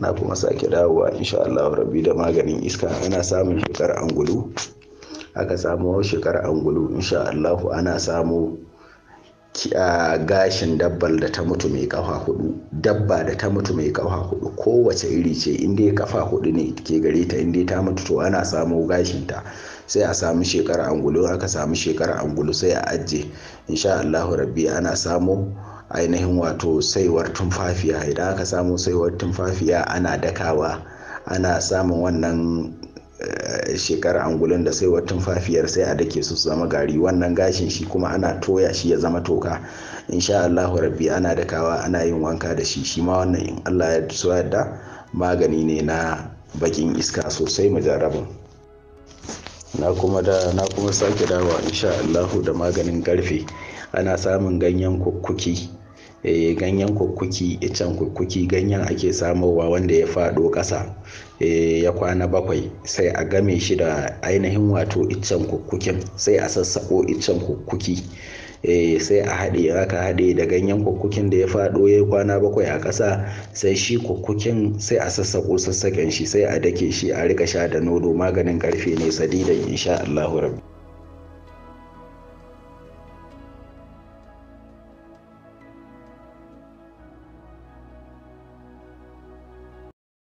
na kuma sake dawowa insha Allah rabbi da maganin iska ana samun shekar angulu aka samu shekar angulu insha Allah ana samu gashin dabbal da ta mutu mai kafa hudu dabba da ta mutu mai kafa hudu kowace iri ce inda ya kafa hudu ne ke gare ta inda ta mutu to ana samu gashin ta sai a samu shekara angulu aka samu shekara angulu sai a ajiye insha Allah rabbi ana samu ainihin wato saiwar tumfafiya idan aka samu saiwar tumfafiya ana dakawa ana samun wannan eh, shekar angulin da saiwar tumfafiyar sai a dake su zama gari wannan gashin shi kuma ana toya shi ya zama toka insha Allah rabbi ana dakawa ana yin wanka da shi shi ma wannan in Allah ya so yadda magani ne na bakin iska sosai mujarrabin na kuma da na kuma sake dawa insha Allah da maganin karfe ana samun ganyen kukkuki eh ganyen kukkuki icen kukkuki ganyen ake samowa wanda ya fado kasa eh ya kwana bakwai sai a game shi da ainihin wato iccen kukkukin sai a sassaƙo icen kukkuki eh sai a haɗe aka haɗe da ganyen kukkukin da ya fado ya kwana bakwai a ƙasa sai shi kukkukin sai a sassaƙo sassaƙen shi sai a dake shi a rika sha da nono maganin ƙarfe ne sadidan insha Allahu rabbi